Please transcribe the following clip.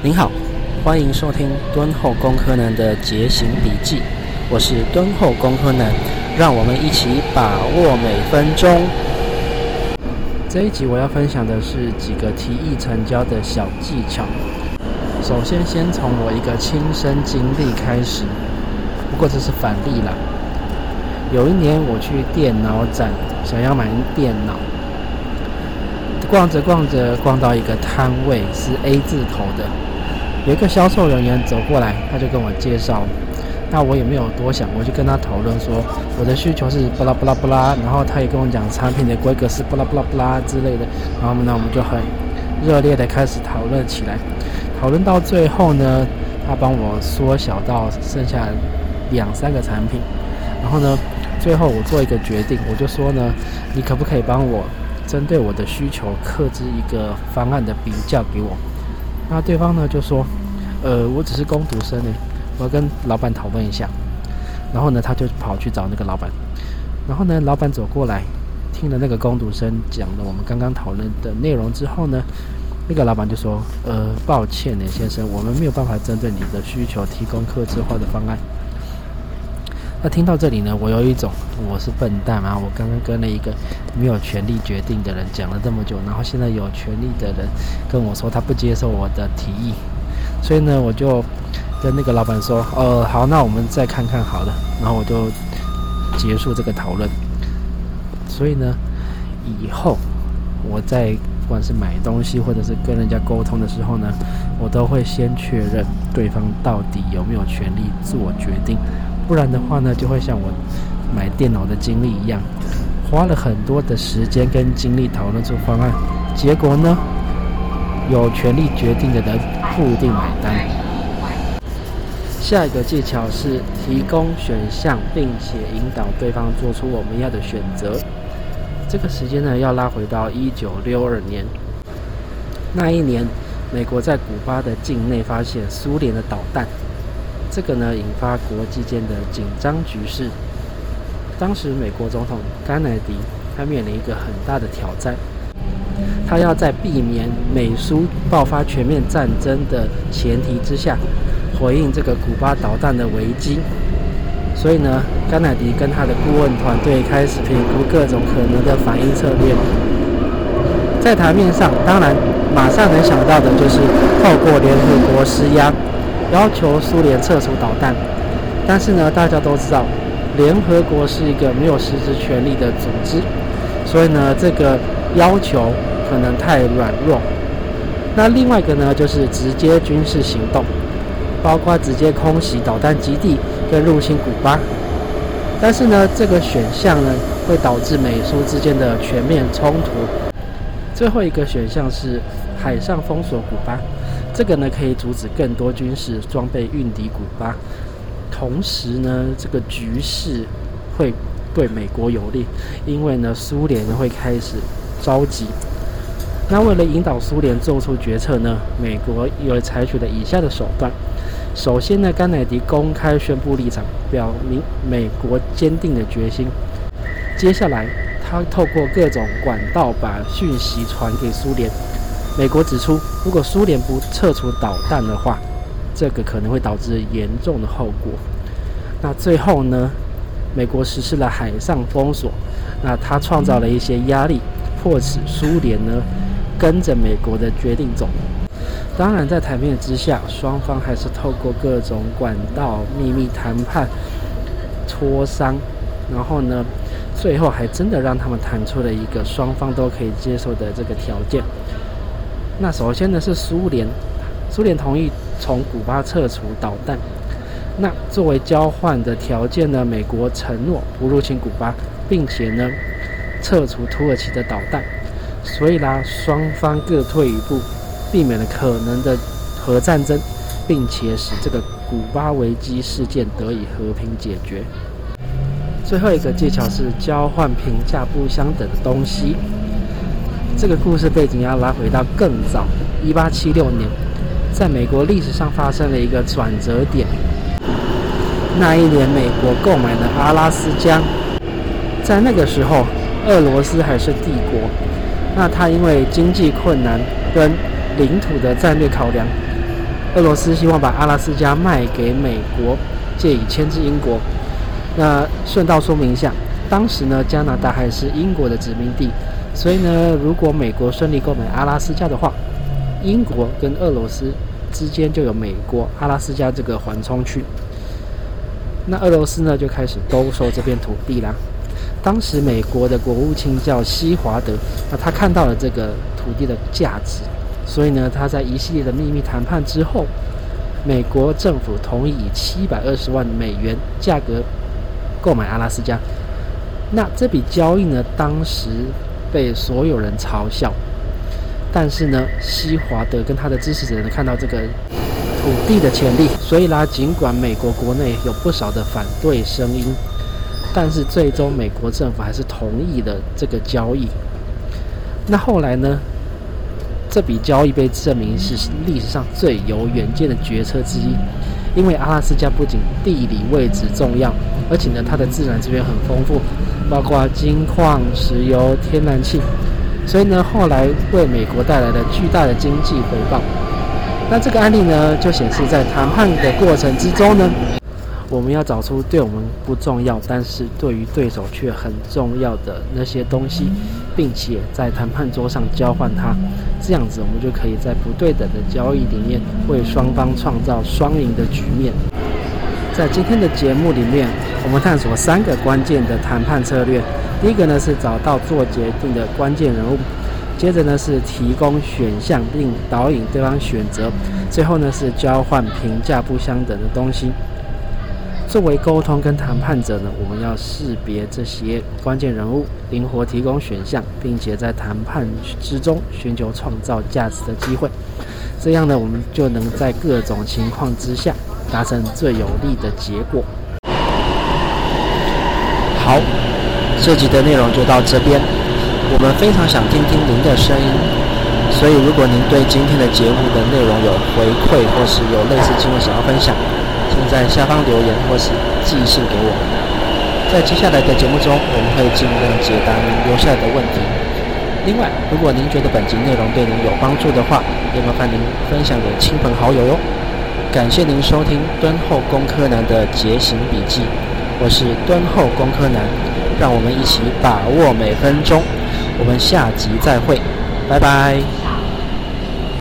您好，歡迎收聽敦厚工科男的節行筆記，我是敦厚工科男，讓我們一起把握每分鐘。這一集我要分享的是幾個提議成交的小技巧。首先，先從我一個親身經歷開始。不過這是反例啦。有一年我去電腦展，想要買電腦，逛着逛着，逛到一個攤位是 A 字頭的。有一個銷售人員走過來，他就跟我介紹，那我也沒有多想，我就跟他討論說我的需求是巴拉巴拉巴拉，然後他也跟我講產品的規格是巴拉巴拉巴拉之類的，然後呢我們就很熱烈的開始討論起來，討論到最後呢，他幫我縮小到剩下兩三個產品，然後呢最後我做一個決定，我就說呢，你可不可以幫我針對我的需求客製一個方案的比較給我？那對方呢就說，呃，我只是工讀生呢，我要跟老闆討論一下。然後呢他就跑去找那個老闆，然後呢老闆走過來，聽了那個工讀生講了我們剛剛討論的內容之後呢，那個老闆就說，呃，抱歉呢先生，我們沒有辦法針對你的需求提供客製化的方案。那聽到這裡呢，我有一種我是笨蛋啊！我剛剛跟了一個沒有權利決定的人講了這麼久，然後現在有權利的人跟我說他不接受我的提議，所以呢，我就跟那個老闆說，呃，好，那我們再看看好了。然後我就結束這個討論。所以呢，以後我在不管是買東西或者是跟人家溝通的時候呢，我都會先確認對方到底有沒有權利做決定。不然的話呢，就會像我買電腦的經歷一樣，花了很多的時間跟精力討論出方案，結果呢，有權力決定的人否定買單。下一個技巧是提供選項，並且引導對方做出我們要的選擇。這個時間呢，要拉回到一九六二年。那一年，美國在古巴的境內發現蘇聯的導彈。這個呢，引發國際間的緊張局勢。當時美國總統甘迺迪，他面臨一個很大的挑戰，他要在避免美蘇爆發全面戰爭的前提之下，回應這個古巴導彈的危機。所以呢，甘迺迪跟他的顧問團隊開始評估各種可能的反應策略。在台面上，當然馬上能想到的就是透過聯合國施壓，要求蘇聯撤出導彈，但是呢，大家都知道，聯合國是一個沒有實質權力的組織，所以呢，這個要求可能太軟弱。那另外一個呢，就是直接軍事行動，包括直接空襲導彈基地跟入侵古巴，但是呢，這個選項呢，會導致美蘇之間的全面衝突。最後一個選項是海上封鎖古巴。這個呢，可以阻止更多軍事裝備運抵古巴，同時呢，這個局勢會對美國有利，因為呢，蘇聯會開始着急。那為了引導蘇聯做出決策呢，美國又採取了以下的手段。首先呢，甘迺迪公開宣布立場，表明美國堅定的決心。接下來，他透過各種管道把訊息傳給蘇聯。美國指出，如果蘇聯不撤除導彈的話，這個可能會導致嚴重的後果。那最後呢，美國實施了海上封鎖，那他創造了一些壓力，迫使蘇聯呢跟着美國的決定走。當然，在台面之下，雙方還是透過各種管道秘密談判磋商，然後呢，最後還真的讓他們談出了一個雙方都可以接受的這個條件。那首先呢是蘇聯，蘇聯同意從古巴撤出導彈。那作為交換的條件呢，美國承諾不入侵古巴，並且呢撤除土耳其的導彈。所以呢，雙方各退一步，避免了可能的核戰爭，並且使這個古巴危機事件得以和平解決。最後一個技巧是交換評價不相等的東西。這個故事背景要拉回到更早，一八七六年，在美國歷史上發生了一個轉折點。那一年，美國購買了阿拉斯加。在那個時候，俄羅斯還是帝國。那他因為經濟困難跟領土的戰略考量，俄羅斯希望把阿拉斯加賣給美國，借以牽制英國。那順道說明一下，當時呢，加拿大還是英國的殖民地。所以呢，如果美國順利購買阿拉斯加的話，英國跟俄羅斯之間就有美國阿拉斯加這個緩衝區。那俄羅斯呢就開始兜售這片土地啦。當時美國的國務卿叫西華德，那他看到了這個土地的價值，所以呢，他在一系列的秘密談判之後，美國政府同意以七百二十萬美元價格購買阿拉斯加。那這筆交易呢，當時。被所有人嘲笑，但是呢，西華德跟他的支持者能看到這個土地的潛力，所以啦，儘管美國國內有不少的反對聲音，但是最終美國政府還是同意了這個交易。那後來呢，這筆交易被證明是歷史上最有遠見的決策之一。因為阿拉斯加不僅地理位置重要，而且呢，它的自然資源很豐富，包括金礦、石油、天然氣，所以呢，後來為美國帶來了巨大的經濟回報。那這個案例呢，就顯示在談判的過程之中呢。我們要找出對我們不重要，但是對於對手卻很重要的那些東西，並且在談判桌上交換它。這樣子，我們就可以在不對等的交易裡面，為雙方創造雙贏的局面。在今天的節目裡面，我們探索三個關鍵的談判策略。第一個呢是找到做決定的關鍵人物；接着呢是提供選項並導引對方選擇；最後呢是交換評價不相等的東西。作為溝通跟談判者呢，我們要識別這些關鍵人物，靈活提供選項，並且在談判之中尋求創造價值的機會。這樣呢，我們就能在各種情況之下達成最有利的結果。好，這集的內容就到這邊。我們非常想聽聽您的聲音，所以如果您對今天的節目的內容有回饋，或是有類似經驗想要分享。請在下方留言或是寄信給我。在接下來的節目中，我們會盡量解答您留下的問題。另外，如果您覺得本集內容對您有幫助的話，也麻煩您分享給親朋好友喲。感謝您收聽敦厚工科男的節行筆記，我是敦厚工科男，讓我們一起把握每分鐘。我們下集再會，拜拜。